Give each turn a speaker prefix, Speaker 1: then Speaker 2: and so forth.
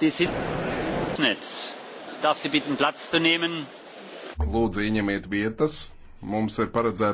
Speaker 1: Die
Speaker 2: Darf Sie bitten, Platz zu nehmen?
Speaker 3: Lūdzu, ieņemiet
Speaker 4: vietas. Mums ir paredzēta